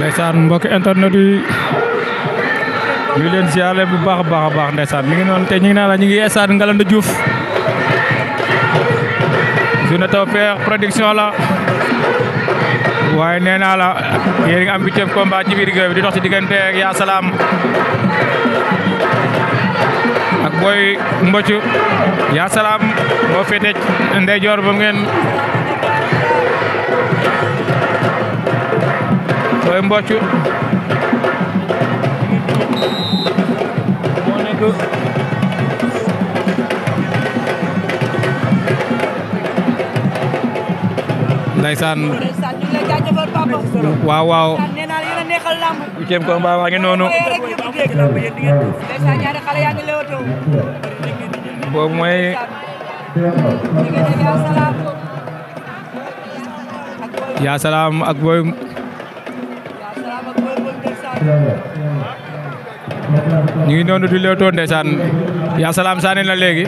ndeysaan mbokki internet yi ñu leen siyaare bu baax a baax a baax ndeysaan mi ngi noonu te ñu ngi naan la ñu ngi stade Ngalandou Diouf journée Tawfekh Production la waaye nee naa la yéen nga am huitième combat ci biir géew di dox ci diggante ak yaa salaam ak booy mbocc yaa moo féete ndeyjoor ba ngeen Boy Mbocc moo nekk ndeysaan waaw waaw huitième combat waa ngi noonu boobu mooy yaa salaam ak booy ñu ngi noonu di leetoo ndeysaan yaa salaam saani na léegi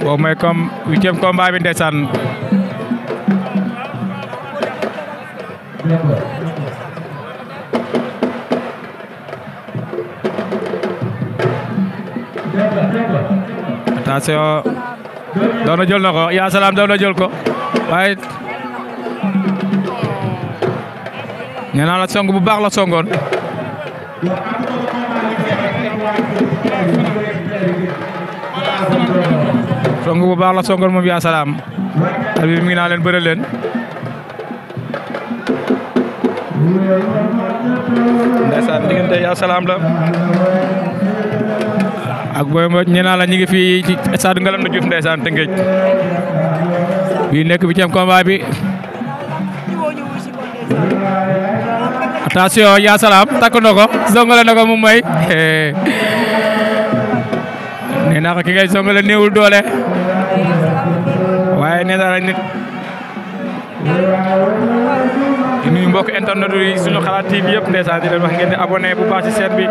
boobu mooy comme huitième combat bi ndeysaan attention doon na jël na ko yaa salaam doon na jël ko waaye nee naa song bu baax la songoon. song bu baax la songoon moom yaa salaam. at mi ngi naa leen bëre leen. ndeysaan diggante yaa salaam la. ak booy ma nee naa la ñu ngi fii ci stade nekk huitième combat bi. attention yaa salaam takk na ko zongale na mu may nee naa ko ki ngay zongale néewul doole waaye nee naa la nit di nuyu mbokk internet yi suñu xalaat TV yëpp ndeysaan di leen wax ngeen di abonné bu baax ci chaîne bi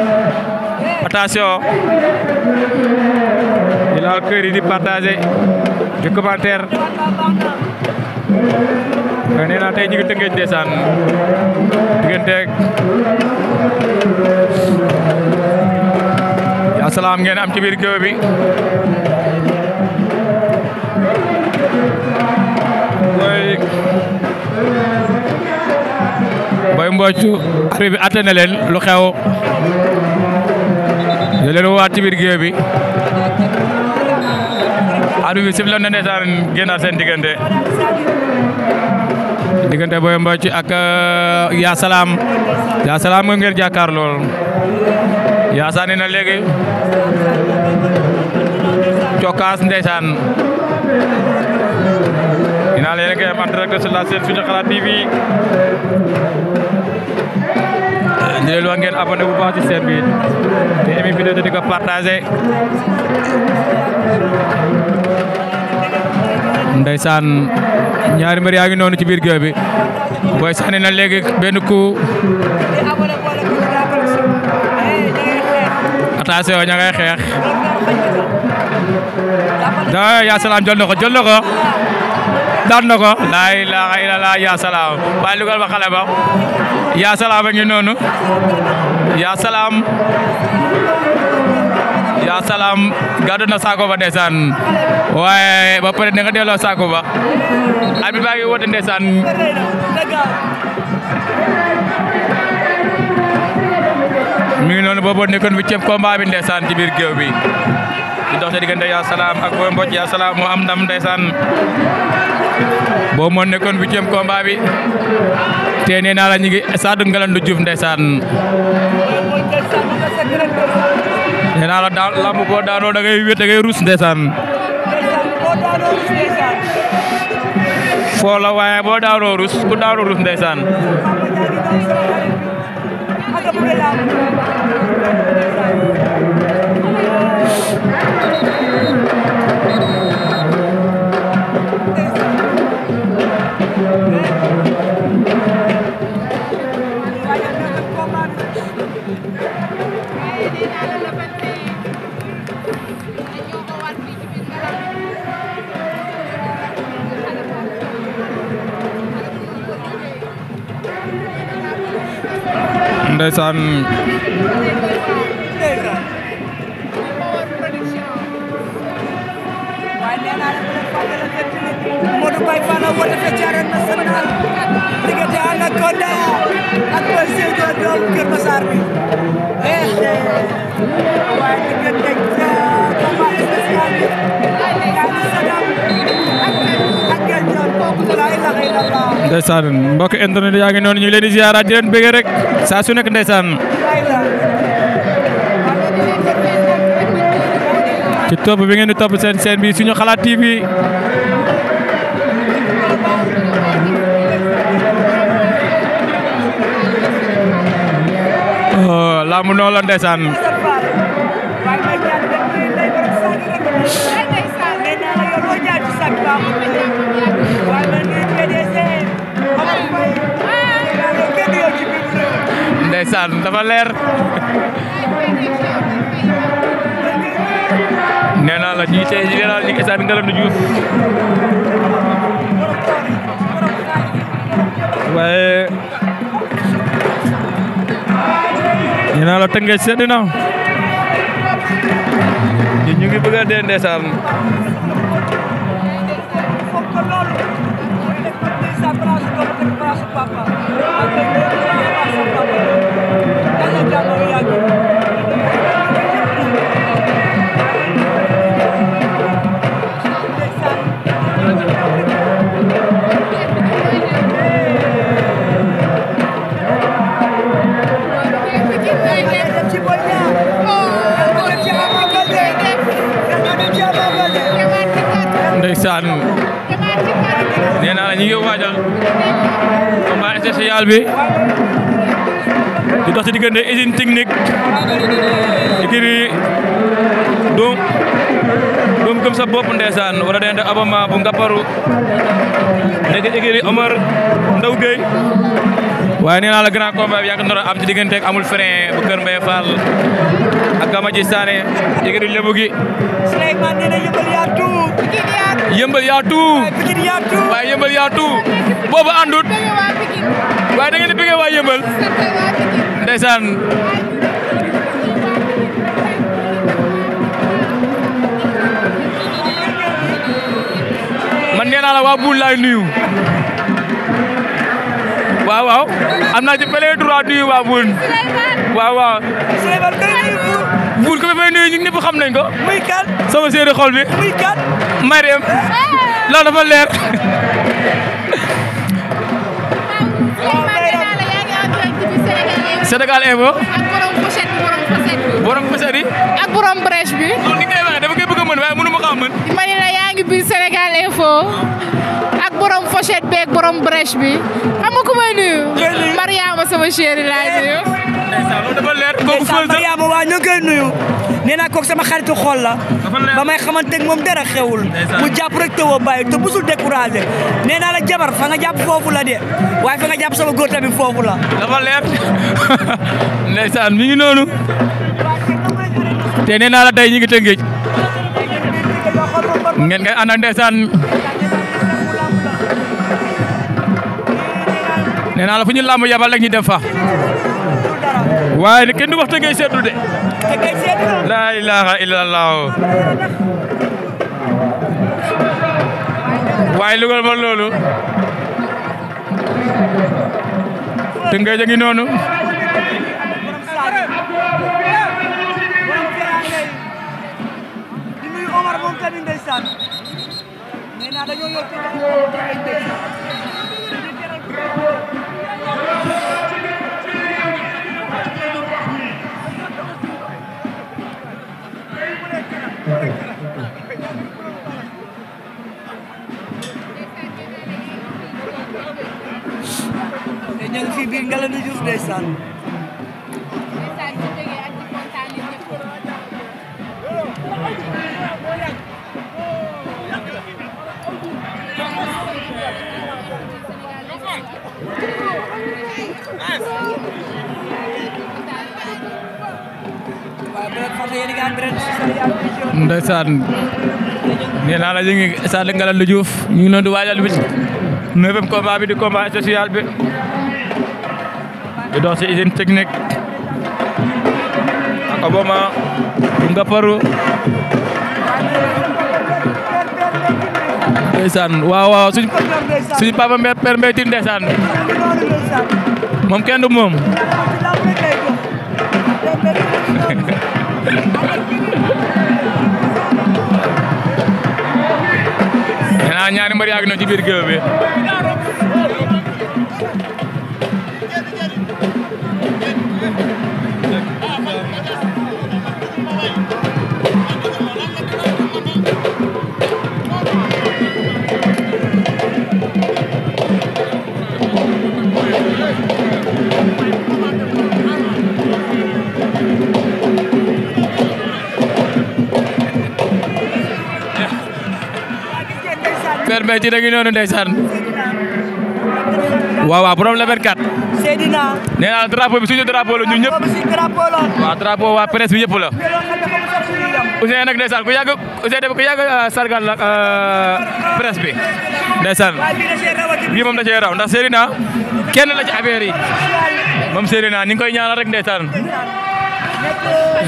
attention di laal kër mais nee naa tey ñu ngi tëngeej ndeysaan digganteeg yaa salaam ngeen am ci biir géew bi boy boy mbocc arbitre bi atte lu xew yo leen waat ci bi arbitre bi na ndeysaan génnaat seen diggante diggante Boy Mbocc ak uh, Yaa Salaam Yaa Salaam nga ngeen jàkkaar lool Yaa Saane na léegi cokkaas ndeysaan dinaa leen ngay am en direct bu baax ci chaîne te émi vidéo di ko partagé ndeysaan ñaari mbër yaa ngi noonu ci biir géew bi booy sànni na léegi benn coup attention ña ngay xeex da yaa salaam jël na ko jël daan na ko laa yaa salaam waaye lugal ba xale yaa salaam a noonu yaa salaam asalaam gàddu na saako ba ndeysaan waaye ba pare na nga saako ba at bi baa ngi woote ndeysaan nekkoon huitième combat bi ndeysaan ci biir géew bi di dox sa diggante yaa salaam ak booy mboj am ndam ndeysaan boobu nekkoon huitième combat bi te nee naa la ñu ngi Sadou Ngalandou Diouf nee la daan lamb boo daanoo da ngay wét da ngay rus ndeysaan waaye boo daanoo rus ku daanoo rus ndeysaan ndeysaan Modou Baye Fall a woote fecc arène nationale diggante ànd ak Konda ak Boy Sèye doom Kër Massar bi eh, eh. waaye diggante ndeysaan mbokk internet yaa ngi noonu ñu rek saa su nekk ndeysaan ci bi ngeen di topp seen seen suñu xalaat TV oh, laamu noonu la ndeysaan ndeysaan dafa leer nee naa la ñu ngi tey nee naa la ñu ngi stade Ngalandou nee naa la Tëngéej sedd na ñu ngi bëgg a dee ndeysaan nee naa la ñu ngi waajal combat spécial bi di dox ci diggante usine ikiri doom gëm sa bopp ndeysaan wara dende abama bu ngapparu nekk ikiri Omar Ndaw Gueye waaye nee naa grand combat bi yàgg na am ci diggante amul frein bu Kër Mbaye Fall ak Gamaji Sané ikiri lebu yëmbal yaa tout waaye yëmbal yaa tout boobu àndut waaye da ngeen di man nee naa la waa Buul laay nuyu waaw waaw am naa ci plein nuyu waa Buul waaw waaw Buul ko nuyu ñu ñëpp xam nañ ko muy kan sama séeri Mariam loolu dafa leer. Sénégal Info. ak borom pochette borom pochette bi. ak borom brèche bi. non ni ngay waxee dama koy bëgg a mën waaye mënu ma kaa mën. ma ne la yaa ngi biir Sénégal Info ak borom pochette bi ak borom brèche bi xam nga ku may nuyu. Mariama sama chérie ndeysaan Maria ba waa ñu ngi koy nuyu nee naa kook sama xaritu xol la ba may xamante ak moom dara xewul mu jàpp rek te woo bàyyi te musul découragé nee naa la jabar fa nga jàpp foofu la de waaye fa nga jàpp sama góor tamit foofu la dafa leer ndeysaan mi ngi noonu te nee naa la tey ñu ngi tëngéej ngeen ngay ànd ak ndeysaan nee naa la fu ñu làmb yabal rek ñu dem fa waaye ne kenn du wax te ngay de. laa ilaaha illallah. waaye lu ko mën loolu. noonu. ñoo ngi fii biir Ngalandou Diouf ndeysaan ndeysaan nee naa la ñu ngi stade Ngalandou Diouf ñu ngi doon di waajal bi neuvième combat bi di combat social bi di dox ci usine technique ak Obama Ngaparou ndeysaan waaw waaw suñ suñ papa mbe père moom kenn du moom nee naa ñaari mbër yaa ci biir géew bi mbay ti da ngi noonu ndeysaan waaw waaw borom la 24 Seydina nee naa drapeau bi suñu drapeau la waa presse bi yëpp la Ousseyn nag ndeysaan ku yàgg Ousseyn euh, sargal la euh, presse bi ndeysaan bii moom da cee raw ndax Seydina kenn la ci affaire yi moom ni ngi koy ñaanal rek ndeysaan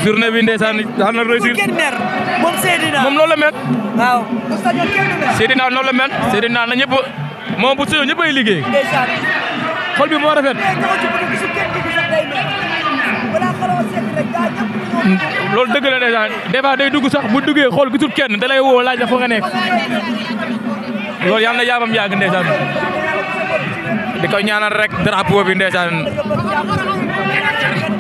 journée bi ndeysaan xam na réussir moom Seydina moom loolu la mel. waaw. Seydina loolu la mel. Seydina na ñëpp moom bu sëñoo ñëpp ay liggéey. xol bi moo rafet. loolu dëgg la ndeysaan des fois day dugg sax bu duggee xool gisul kenn da lay woo laaj la fa nga nekk. loolu yàlla na yaamam yàgg ndeysaan di koy ñaanal rek drapeau bi ndeysaan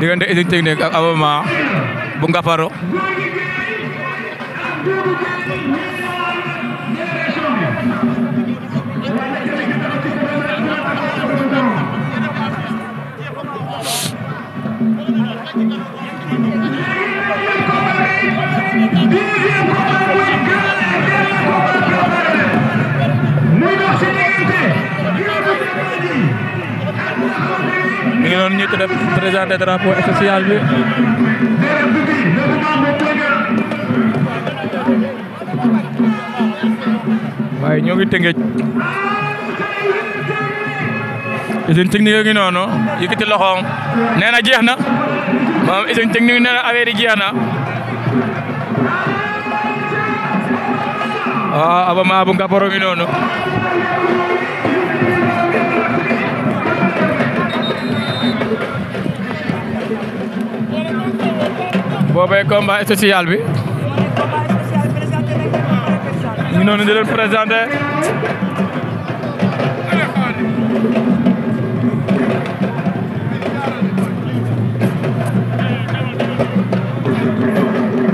diggante usine technique ak bu Ngaparo présenté drapeau spécial bi waaye ñoo ngi tëngëj usine technique ngi noonu yëkkati loxoom nee na jeex na moom usine technique nee na affaire jeex na waaw ah, abama bu ngaparo ngi noonu boobay combat social bi. ñu noonu di leen présenté.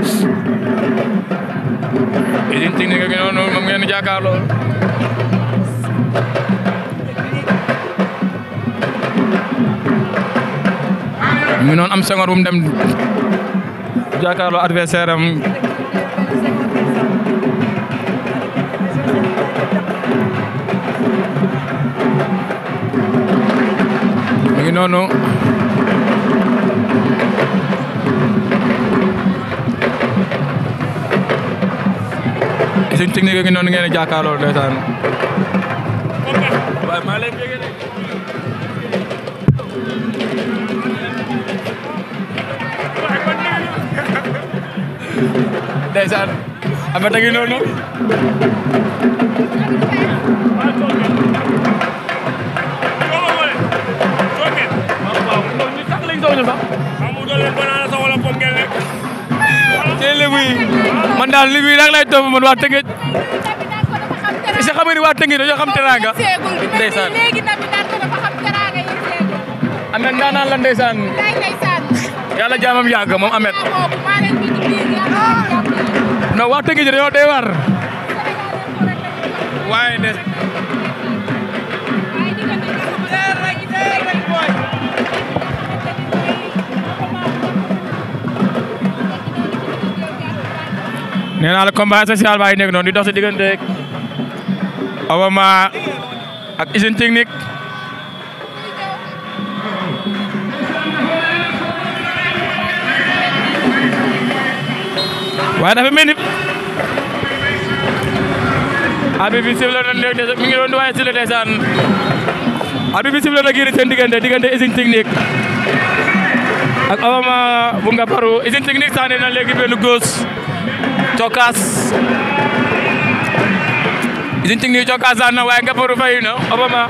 usine technique gi noonu moom ngeen di jàkkaarloo. ñu noonu am sangor bu mu dem. jàkkaarloo adversaire mu ngi noonu suñ ngeen jàkkaarloo ndeysaan ndeysaan Ameth a ngi noonu yi man lay topp man waa Tëngéej si xam nga ni waa Tëngéej dañoo xam teraanga ndeysaan Ameth ndaanaan la ndeysaan yàlla jaamam yàgg moom Ameth non wax dëgg ji dañoo doy waar. waaye de. nee naa nekk noonu di dox si diggante Obama ak usine technique. waaye dafa mel ni abi bi sifle na léegi mi ngi doon waaye sifle ndeysaan abi bi sifle na giiri seen diggante diggante usine technique ak Obama bu nga paru usine technique sànni na léegi benn góos cokkaas usine technique cokkaas sànni na waaye nga fay na Obama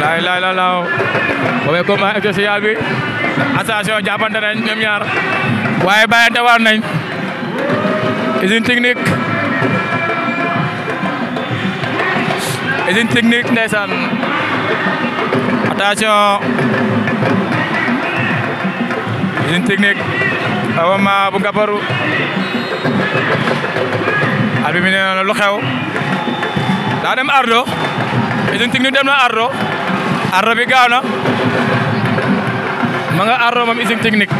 laay laay la laaw boobee combat spécial bi attention jàppante nañ ñoom ñaar waaye bàyyante waat nañ usine technique usine technique ndeysaan attention usine technique awa ma bu gabaru al bi mi ne lu xew daa dem ardo usine technique dem na ardo ardo bi gaaw ma nga ardo moom usine technique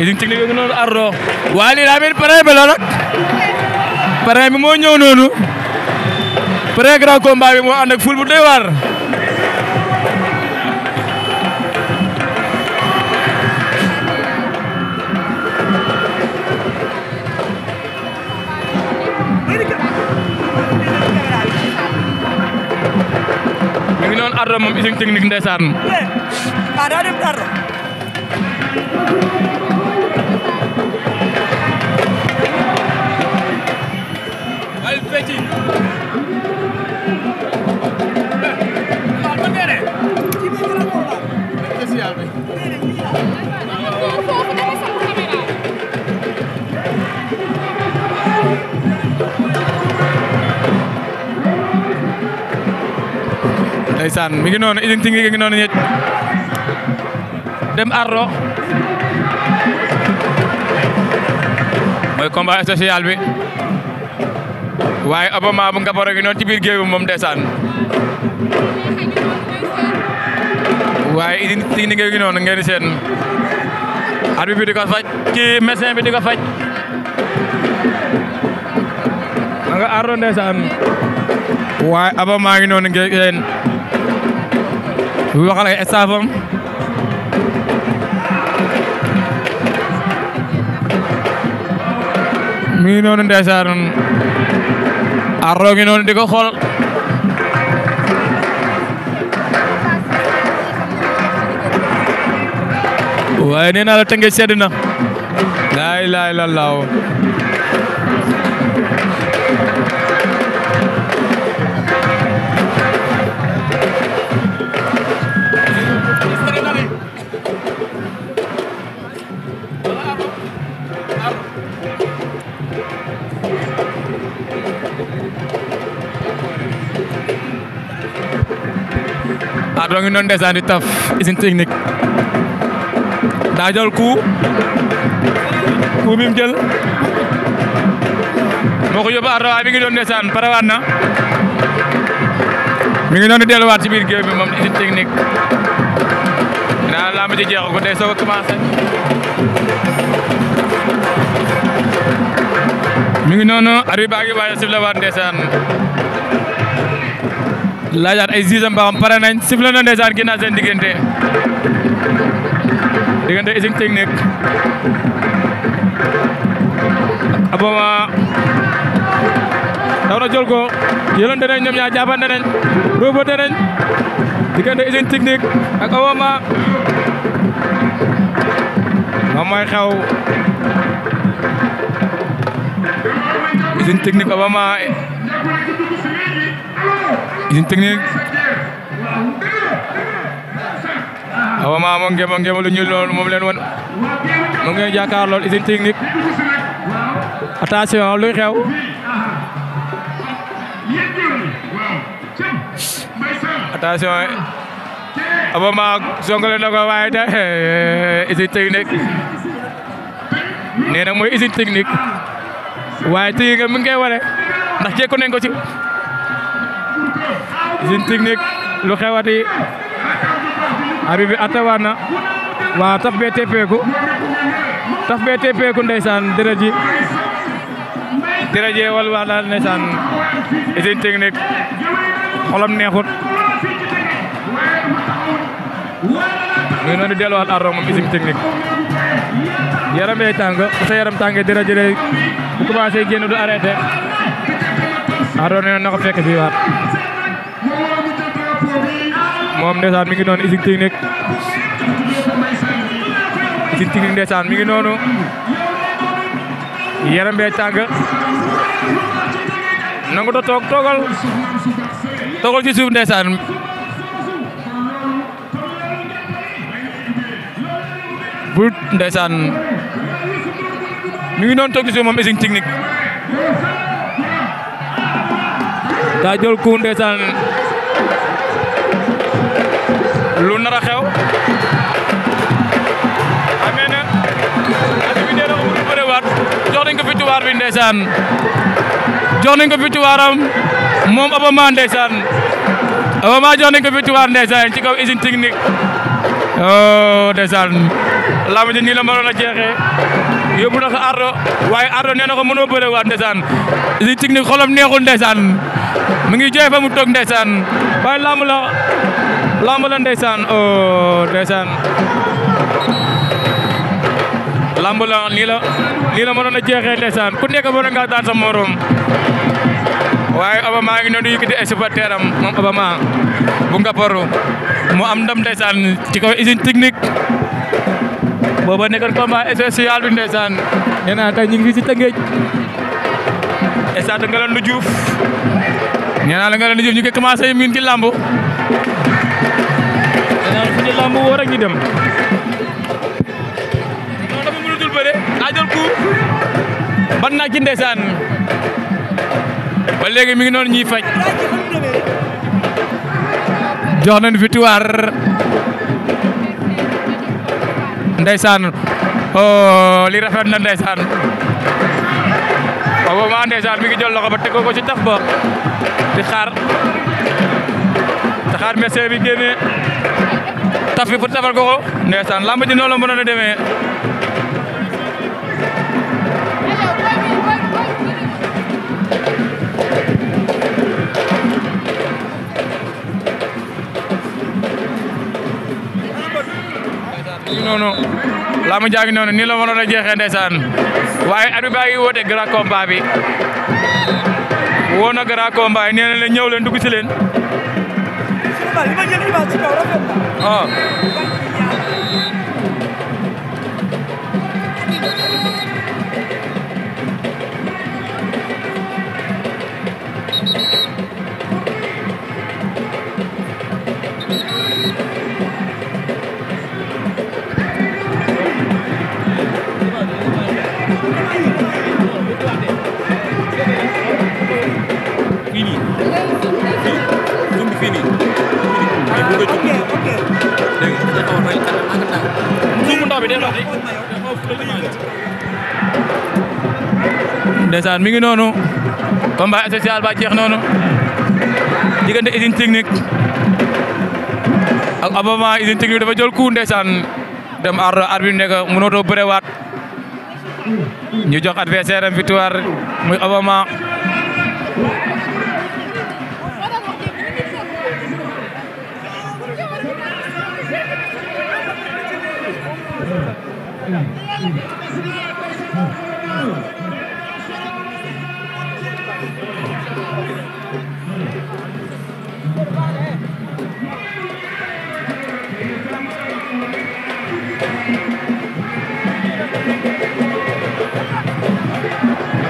usine technique yooyu noonu Ardo waa lii daa mel parrain bi la nag moo ñëw noonu parrain grand combat bi moo ànd ful bu doy waar. mi ngi noonu Ardo ndeysaan mi ngi noonu usine technique dem ardo mooy combat spécial bi waaye abama bu ngaparo gi noonu ci biir géew bi moom ndeysaan waaye usine technique ngi noonu ngeen seen arbitre bi di ko faj ci médecin bi di ko faj nga ardo ndeysaan waaye aba maa ngi noonu ngeen bu waxal ak staffam mi ngi noonu ndeysaan arroo ngi noonu di ko xool waaye nee naa la tënge sedd na laay laay la laaw Gora ngi noonu ndeysaan di taf usine technique daa jël coup coup bi mu jël moo ko yóbbu ardo waaye mi ngi doon ndeysaan parewaat na mi ngi doon di delluwaat ci biir géew bi moom usine technique daa laa ma ci jeexu ko day soog a commencé mi ngi noonu arbi baa ngi waaj a siflewaat ndeysaan laajaat ay zizem ba xam pare nañ sifflé na ndeysaan diggante diggante usine technique aboma daw na jël ko yëlante ñoom ñaar jàppante nañ robote nañ diggante usine technique ak aboma moom xew usine technique aboma Usine Technique awa ma mo ngemo ngemo lu moom leen won lool Usine Technique attention luy xew attention awa ma songale na waaye te Usine Technique nee mooy Usine Technique waaye tey nga mi ngi koy ware ndax jekku nañ ci Usine Technique lu xewati Habib bi atawaan na waa taf bee teppeeku taf bee teppeeku ndeysaan dërëj ji dërëj ji wal wax daal ndeysaan neexut muy noonu delluwaat arro moom Usine Technique yaram yay tàng bu sa yaram tàngee dërëj lay bu commencé génn du arrêté arro nee na ko fekk fii waat moom ndeysaan mi ngi noonu usine technique usine technique ndeysaan mi ngi noonu yaram bee tàng nangu to toog toogal ci suuf ndeysaan bu ndeysaan mi ngi noonu toog moom usine technique daa jël ku lu nar a xew amee na at bi nee na amul bëriwaat jox nañ ko victoire bi ndeysaan jox nañ ko victoire am moom Obama ndeysaan Obama jox nañ ko victoire ndeysaan ci kaw usine technique oh ndeysaan làmb ji nii la yóbbu na ko Ardo waaye Ardo nee na ko mënoo bëriwaat ndeysaan usine technique xolam neexul ndeysaan mu ngi jooy fa mu toog ndeysaan waaye làmb la lamb la ndeysaan oh ndeysaan lamb la nii la jeexee ndeysaan ku nekk bëre nga daan sa waaye Obama ngi noonu yëkkati ay supporter am moom Obama bu mu am ndam ndeysaan ci kaw usine technique booba nekkoon combat spécial bi ndeysaan nee naa tey ñu ngi fii ci Tëngéej stade Ngalandou Diouf nee naa la Ngalandou Diouf ñu miin ci lamb lamb woo rek ñu dem. non dafa mënatul bëre daa naa ci ndeysaan ba léegi mi ngi noonu ñuy faj. jox nañu victoire ndeysaan oh li rafet na ndeysaan waaw maa ndeysaan mi ngi jël loxo ba teg ci taf ba di xaar di xaar message bi génnee taf bi pour tafal ko ko ndeysaan lamb la mënoon a demee noonu laa ma jaagi noonu nii la waroon jeexee ndeysaan waaye at bi baa ngi woote grand combat bi woo na grand combat nee na leen ñëw leen dugg si leen 1번, 1번, 1번 지금 어렵겠다. 어. ndeysaan mi ngi noonu combat social ba jeex noonu diggante usine ak abama usine technique dafa jël coup ndeysaan dem ar arbitre bi nekk mënootoo bërewaat ñu jox victoire muy abama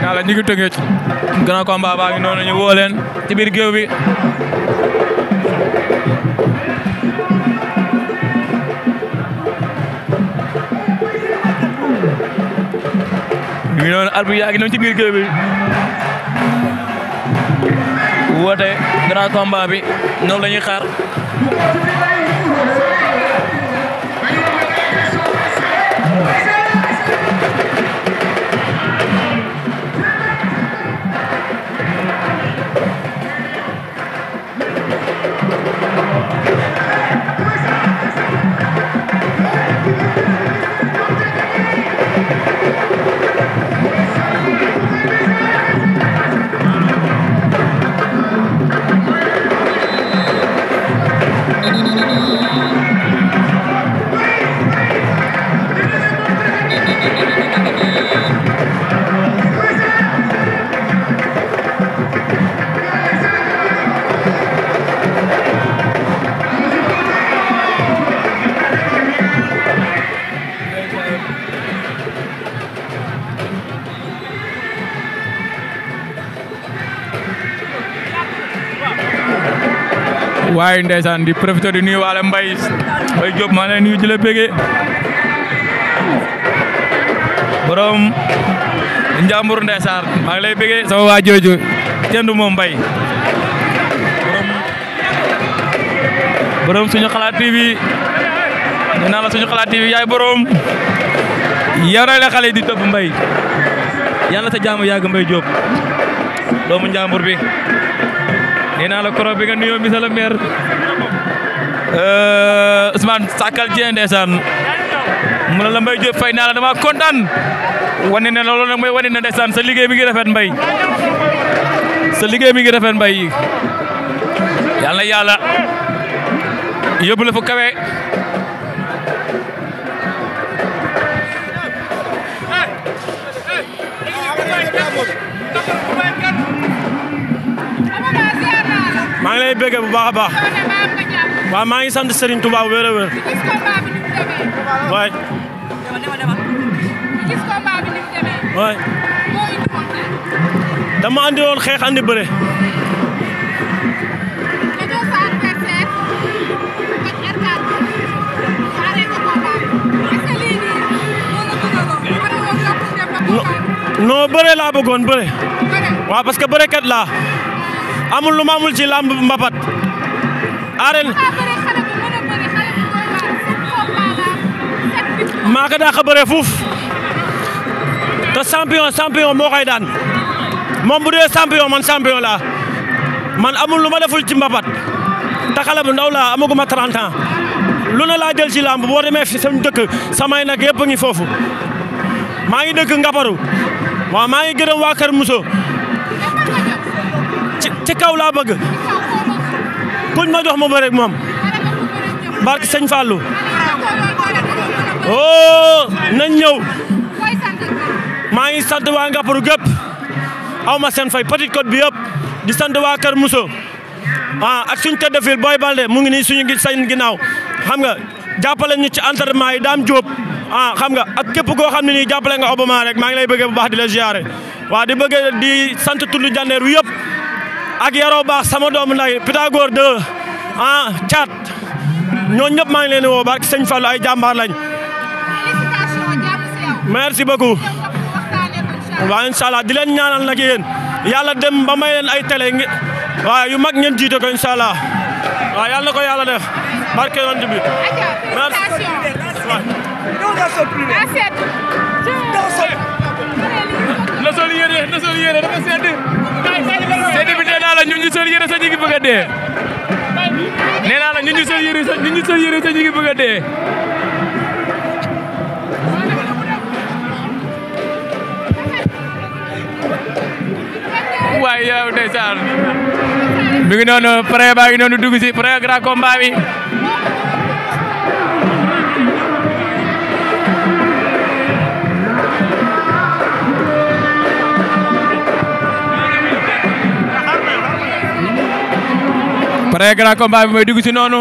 yàlla ñu ngi tënkee ci. combat baa ngi noonu ñu woo leen ci biir géew bi. noonu arbitre yaa noonu ci biir géew bi. woote grand combat bi noonu la ñuy xaar. waaye ndeysaan di profité di nuyu waale Mbaye Mbaye Diop maa ngi lay nuyu di la bëggee borom Njàmbur maa ngi lay bëggee sama waa jooju jënd moom Mbaye borom suñu xalaat TV nee naa la suñu xalaat TV yaay borom yow la xale yi di topp Mbaye yàlla sa jaamu yàgg Mbaye bi. nee naa la koro bi nga nuyoo monsieur le maire euh, Ousmane Sakal Dieng ndeysaan mu la Mbaye Diop fay naa la dama kontaan wane na loolu nag mooy wane na ndeysaan sa liggéey mi ngi rafet Mbaye sa liggéey mi ngi rafet Mbaye yàlla yàlla yóbbu la fu kawe maa ngi bu baax a baax waaw maa ngi sant Serigne Touba wér a wér waay waay dama andi woon xeex laa bëggoon bëre waaw parce que bërekat laa amul lu ma amul ci làmb mbapat aren maa ko daa ko bëree fuuf te champion champion moo koy daan moom bu dee champion man champion laa man amul lu ma deful ci mbapat te xale bu ndaw laa amaguma 30 ans lu ne laa jël ci làmb boo demee fi sam dëkk samay nag yëpp ngi foofu maa ngi dëkk Ngaparu waaw maa ngi gërëm waa Kër Moussa ci kaw laa bëgg kuñ ma jox ma bëre ak moom barke sëñ Fallou oh nañ ñëw maa ngi sant waa Ngaparou gépp aw ma seen fay Petite Côte bi yëpp di sant waa Kër Mousso ah suñ tête de file bal Balde mu ngi nii suñu gis sañ ginnaaw xam nga jàppale ñu ci entraînement yi daam jóob a ah, xam nga ak képp koo xam ne nii jàppale nga Obama rek maa ngi lay bëggee bu baax di la ziare waa di bëggee di sant tullu jandeer wi yëpp ak yaroo baax sama doomu nday Pythagore 2 ah caat ñooñu ñëpp maa ngi leen woo barke sëñ Fallou ay jàmbaar lañ. merci beaucoup. waaw incha allah di leen ñaanal nag yéen yàlla dem ba may leen ay télé waaw yu mag ngeen jiite ko incha allah waaw yàlla na ko yàlla def barke yoon bi sedd sol yére dafa sedd. sedd bi nee la ñun ñu sol yére sax ñu ngi bëgg a dee. nee naa la ñun ñu sol yére sax ñun ñu sol yére sax ñu noonu pare pare grand combat bi mooy dugg ci noonu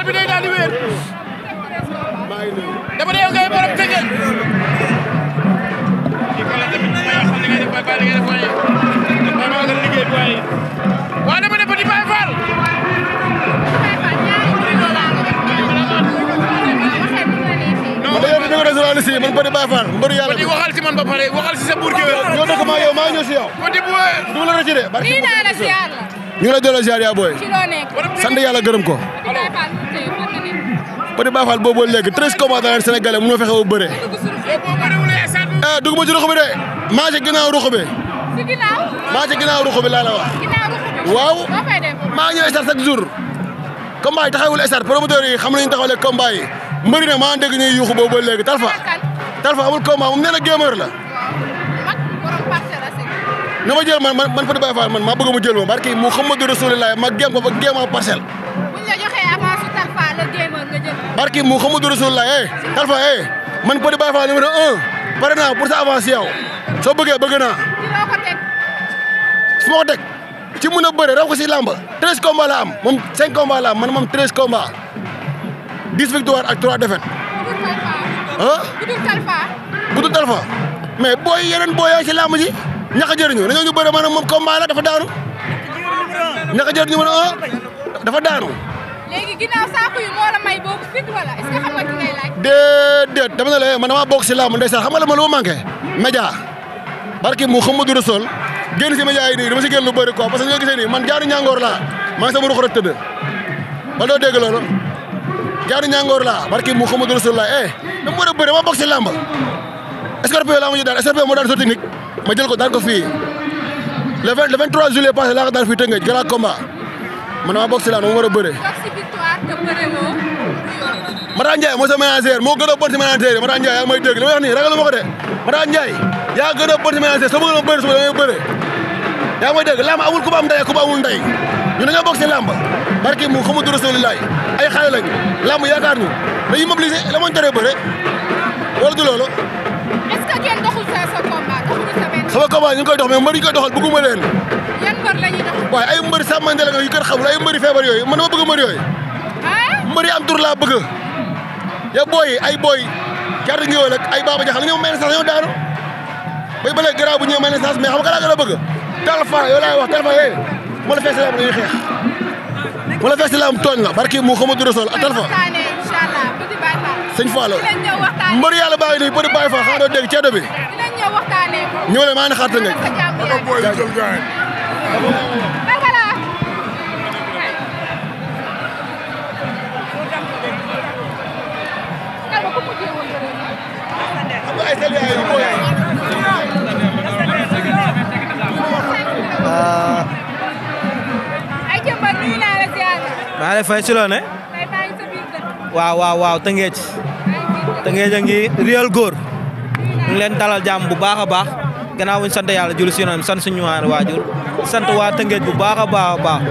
xel bi day daal di wéer dama ne yow ngay borom tëjee kii quoi tamit ma yàqal li ngeen di bay bay li ngeen di foyee ma maa ngi liggéey bu waay waaw dama ne Petit Baye Fall journaliste yi man Petit Baye Fall mbëru yàlla bi waxal ci man ba pare waxal ci sa buur gi ñoo dëkk maa yow maa ñëw si yow Petit bu du la rëcc de barki ñu la delloo ziar yaa booy sant yàlla gërëm ko Petit Baye Fall boobu léegi treize combats dans les sénégalais mënoo fexe ba bëre. eh duguma ci ruq bi de maa ci ginnaaw ruq bi. maa ci ginnaaw ruq bi laa la wax. waaw maa ngi ñëw stade chaque jour. combat taxawul stade promoteur xam nañu taxawale combat yi mbëri maa dégg ñuy yuuxu boobu léegi Talfa. Talfa amul combat moom nee na gémeur la. na ma jël man man man Petit Baye man maa bëgg mu ma barki mu xam ma dëgg Rasulullah ma géem ko ba géem barki Muhammadu Rasulullah eh Talfa eh man Petit Baye Fall numéro un pare naa pour sa avance soo bëggee bëgg naa. su ma ko teg ci mun a bëre raw ko si làmb treize combats la am moom cinq combats la am man moom treize combats dix victoire ak trois défaites. ah budul Talfa. mais booy yeneen booy yaa si làmb ji ñaxa jër jëriñu dañoo ñu bëre maanaam moom combat la dafa daanu. ñax a jëriñu ma ne dafa daanu. léegi ginnaaw saako yi moo la may dama bokk si làmb ndeysaan xam nga la ma lu ma manqué. média barki mu Muhammadu Rasul génn si média yi nii dama si génn lu bëri quoi parce que ñoo gisee nii man jaanu ñàngoor laa maa ngi sama ruux rek tëdd ba doo dégg loolu jaanu ñàngoor laa barki mu Muhammadu Rasul laa eh dama war a bëri dama bokk si làmb escorpion laa ma ñu daan escorpion moo daan sa technique ma jël ko daan ko fii le 23 juillet passé laa ko daan fii Tëngéej grand combat man damaa bokk si laan ma war a bëree. Mata Ndiaye mooy sa manager moo gën a bon si manager yi Mata Ndiaye yaa ngi may dégg li may wax nii ragal ma ko de yaa gën a bon si manager sama gën a bëri sama damay bëree yaa ngi may dégg làmb amul ku ba am ndey ku ba amul ndey ñu dañoo bokk si làmb barki mu xamu du rasulilaay ay xale lañ làmb yaakaar ñu dañuy mobilisé la mañ teree bëre loolu du loolu. est-ce que kenn doxul koy dox waaye ay mbëri sàmmante la nga yu kenn xamul ay mbëri feebar yooyu man dama bëgg am tur laa bëgg ya booy ay booy gerte gi yooyu la ay baaba jaxal ñoom may na sax ñoo daanu bay ba léegi garaaw bu ñëwee may na sax xam nga laa gën a bëgg talfa yow laay wax talfa yooyu ma la fees la am dañuy xeex ma la fees la am barki mu xamadu rasul ak talfa sëñ Fallo mbëri yàlla bàyyi nii bëri bàyyi fa xanaa doo dégg ceedo bi ñëw leen maa ngi xaar tënkee. maa ngi fay si waaw waaw waaw Tëngéej. Tëngéej a ngi real góor. ñu leen dalal jàmm bu baax a baax. gannaaw bu ñu sant yàlla julli si yoonam sant suñu waajur sant waa Tëngéej bu baax a baax a baax.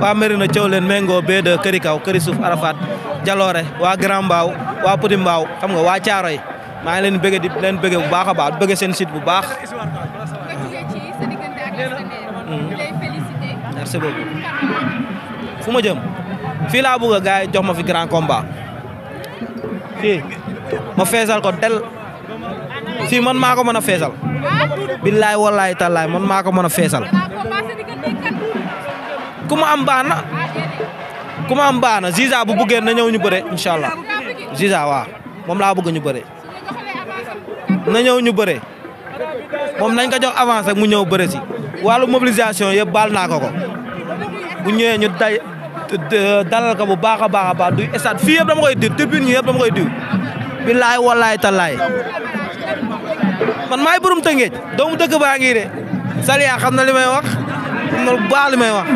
waa Merina Thiaw leen Mengo Bédé Këri Kaw Këri Suuf Arafat Jaloore waa Grand Mbaaw waa Petit Mbaaw xam nga waa caaro yi maa ngi leen bëgg di leen bëgg bu baax a baax bëgg seen bu baax. Mm-hmm. merci beaucoup fu ma jëm fii laa bëgg a gars jox ma fi grand combat fii ma feesal ko del fii man maa ko mën a feesal billaay wallaay tallaay man maa ko mën a feesal ku ma am baax na ku ma am baax na Ziza bu bëggee na ñëw ñu bëre incha allah Ziza waaw moom laa bëgg ñu bëre na ñëw ñu bëre moom nañ ko jox avance ak mu ñëw bëre si wàllu mobilisation yëpp baal naa ko ko bu ñëwee ñu day dalal ko bu baax a baax a baax du stade fii yëpp dama koy diw tribune ñi yëpp dama koy diw billaay wallaay tallaay man maay borom Tëngéej doomu dëkk baa ngi de Saliya xam na li may wax xam na lu baax li may wax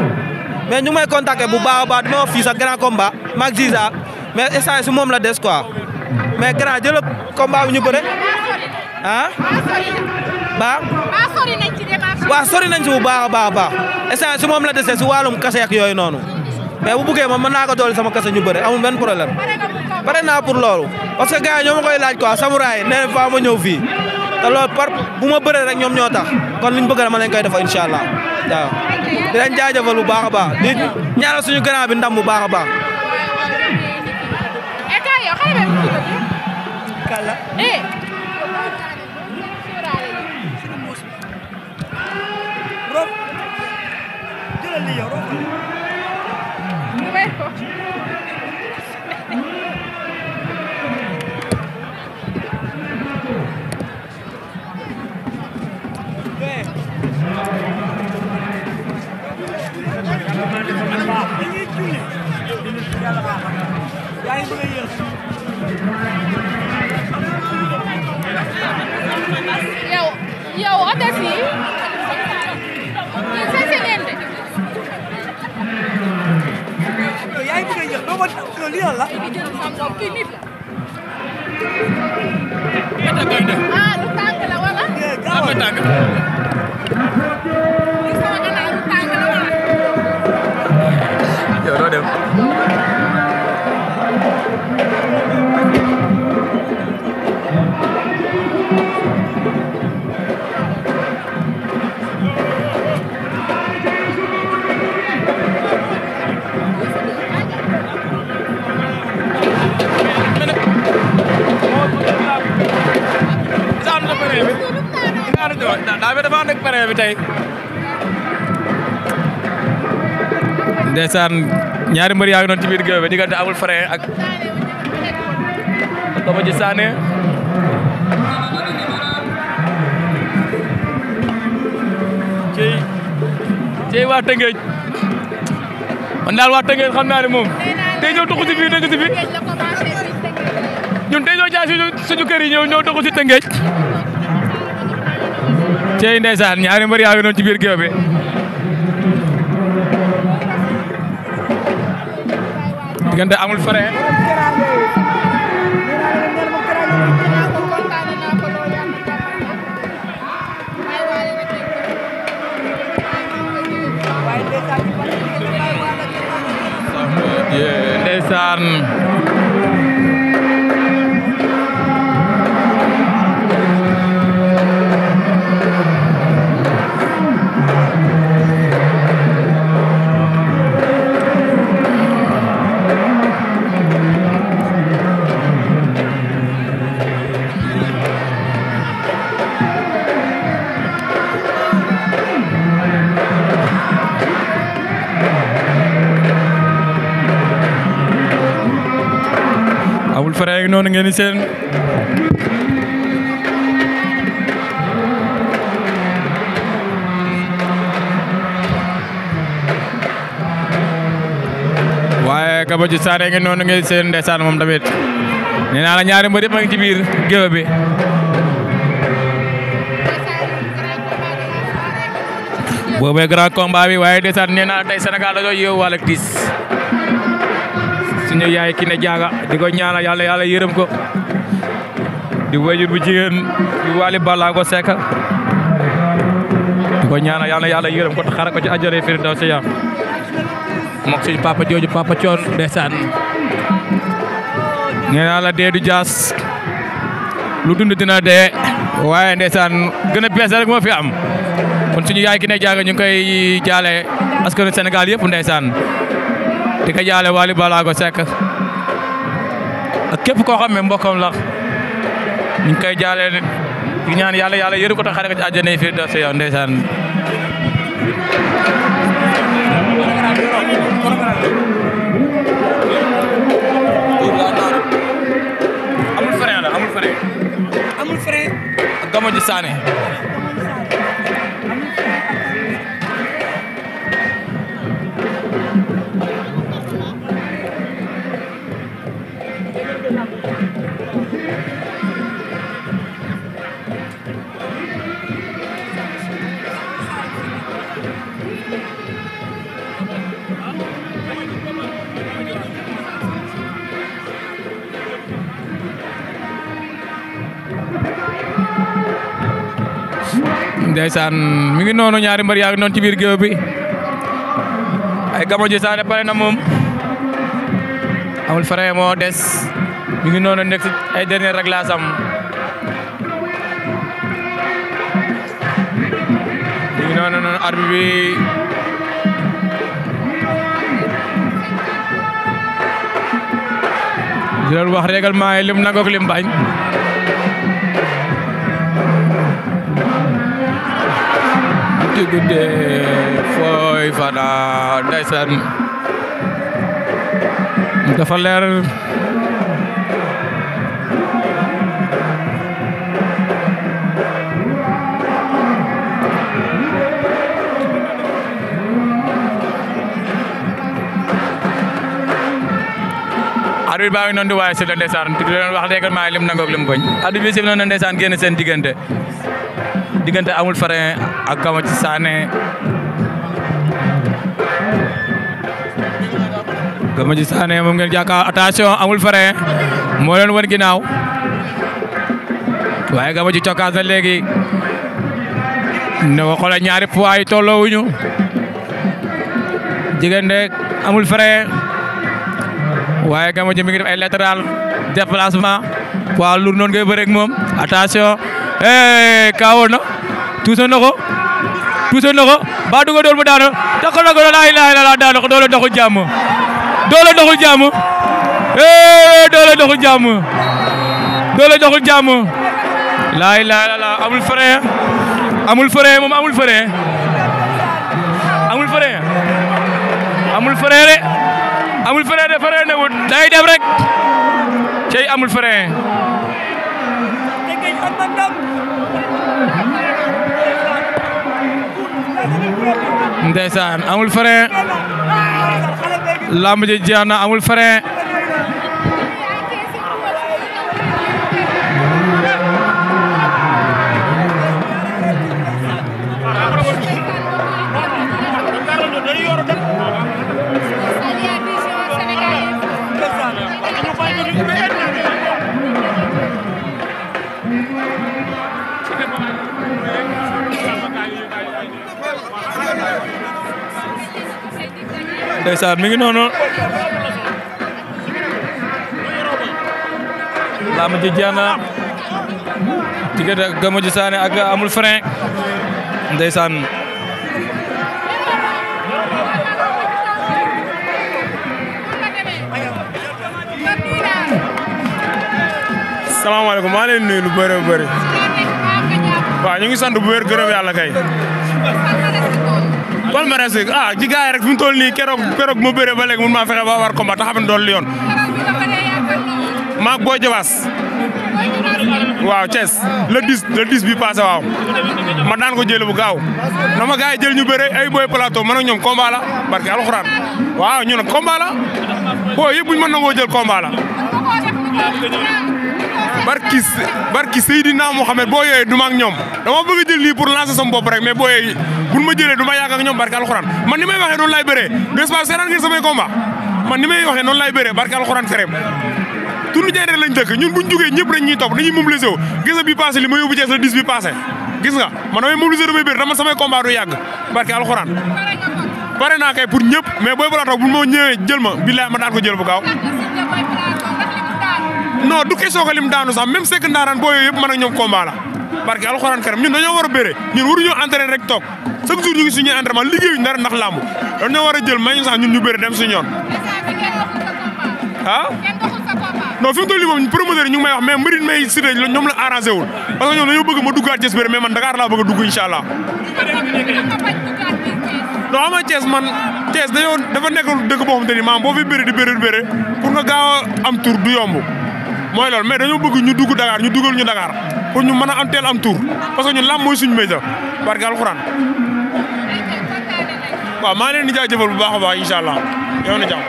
mais ñu may contacter bu baax a baax di ma wax fii sax grand combat mag Ziza mais instant su moom la des quoi mais grand jëlëb combat bi ñu bëre ah. baax. waaw sori nañ ci démarche bu baax a baax a baax instant si moom la dese si wàllum kase ak yooyu noonu mais bu buggee moom mën naa ko doole sama kase ñu bëre amul benn problème. pare naa pour looru parce que gars yi ñoo ma koy laaj quoi samuraay nee na faa ma ñëw fii te loolu par bu ma bëree rek ñoom ñoo tax kon liñ bëgg dama leen koy defal incha allah waaw. dinañ jaajëfal bu baax a baax di ñaanal suñu grand bi ndam bu baax a baax. roog jëlal li yow roog yow yow otes yi ba loolu yoon la. ah lu tàng la wala. ndeysaan ñaari mbër yaa ngi noonu ci biir géew bi diggante amul frein ak Papa Dji Sané cey cey waa Tëngéej man daal waa Tëngéej xam naa ne moom tey ñëw doxu si fii dëgg si fii ñun tey ñoo jaay suñu suñu kër yi ñëw ñoo doxu si Tëngéej cey ndeysaan ñaari mbër yaa ngi noonu ci biir géew bi diggante amul frein ndeysaan ngeen di seen waaye Gabathie Sané ngeen noonu ngeen seen ndeysaan moom tamit nee naa la ñaari mbër yëpp a ngi ci biir géew bi boobee waaye ndeysaan nee naa tey Sénégal dañoo yeewu wàll ak tiis suñu yaay Kiné Diaga di ko ñaanal yàlla yërëm ko di wajur bu jigéen di Wally Ballago Seck di ko ñaanal yàlla yërëm ko xara ko ci àjjana firdawsi ya mook suñu papa jooju papa coon ndeysaan nee naa dee du jaas lu dund dina dee waaye ndeysaan gën a bees rek moo fi am kon suñu yaay Kiné Diaga ñu ngi koy jaale askanu Sénégal yëpp ndeysaan di ko jaale Wally Ballago Seck ak képp koo xam ne mbokkam la ñu koy jaale di ñaan yàlla yàlla yëru ko ta xare ko ci àjjana yi fii da saane ndeysaan mi ngi noonu ñaari mbër yaa noonu ci biir géew bi ay gamo ji pare na moom amul frein moo des mi ngi noonu nekk ay dernier réglage am mi ngi noonu noonu arbitre bi wax règlement yi lim nangook lim bañ ci fooy fana ndeysaan dafa leer arbitre baa ngi di waaye si la ndeysaan di leen wax règlement yi lim nangoog lim bañ arbitre bi si la ndeysaan seen diggante diggante amul frein ak Kamathou Sané Kamathou Sané moom ngeen jàkkaar attention amul frein moo leen wan ginnaaw waaye Kamathou cokkaas na léegi ne ko ñaari poids yi tolloowuñu jigéen de amul frein waaye Kamathou mi ngi def ay latéral déplacement poids lourd noonu moom attention eh kaawoon na tuuse na ko ba du ko dool mu daanu takk na ko laa ilaaha illallaah daanu ko doole doxul jàmm doole doxul jàmm eh doole doxul jàmm doole doxul jàmm laa ilaaha illallaah amul frein amul frein moom amul frein amul frein amul frein de amul frein de frein ne wut day dem rek cey amul frein ndeysaan amul frein lamb ji jeex na amul frein ndeysaan mi ngi noonu laamu ji jeex na diggante Gamadiou Sané ndeysaan salaamaaleykum maa leen nuyu ñu ngi sant bu wér gërëm yàlla kay palmarès rek ah ci gars yi rek fi mu toll nii keroog keroog mu bëre ba léegi mun maa fexe ba war combat te xam yoon maag boo jawaas waaw Thiès la 10 le 10 bi passé waaw ma daan ko jëlee bu gaaw na ma gars ñu bëre ay booy plateau man ak ñoom combat la barke alxuraan waaw ñu ne combat la boo yëpp buñ mën nangoo jël combat la barki barki Seydina Mohamed boo yooyee du ma ak ñoom dama bëgg a jël lii pour lancer sama bopp rek mais boo yooyu buñ ma jëlee du ma ñoom barki alxuraan man ni may waxee noonu laay bëree nest barki alxuraan kereem tund jaay lañ dëkk ñun buñ jógee ñëpp dañ ñuy topp dañuy mobiliser wu gis bi passé li ma yóbbu Cees la 10 bi passé gis nga man damay mobiliser damay bëri dama samay combat du yàgg barki alxuraan bare naa kay pour ñëpp mais booy balaatoo bu ma ñëwee jël ma billaay ma daan ko jël bu gaaw non du question daanu sax même sekk ndaaraan boo yooyu yëpp mën ak ñoom combat la alxuraan karim ñun dañoo war a bëre ñun waruñoo entraîné rek toog chaque jour ñu ngi suñuy entraînement liggéeyuñ dara ndax làmb a jël may ñu sax ñun ñu bëre dem suñu yoon ah non fi mu toll nii moom promoteur ñu ngi may wax mais mbëri may cité ñoom la arrangé wul parce que ñoom dañoo bëgg ma duggaat Thiès bëre mais man Dakar laa bëgg dugg incha allah non xam nga Thiès man Thiès dañoo dafa nekk dëkk boo xam te ni maam boo fi bëre di bëre bëre pour nga gaaw am tour du yomb mooy loolu mais dañoo bëgg ñu dugg Dakar ñu dugal ñu Dakar pour ñu mën a am teel am tour parce que ñun làmb mooy suñu métier barke alxuraan waaw maa leen di jaajëfal bu baax a baax incha allah yow na jàmm.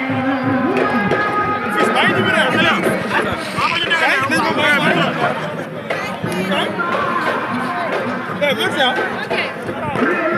Merci.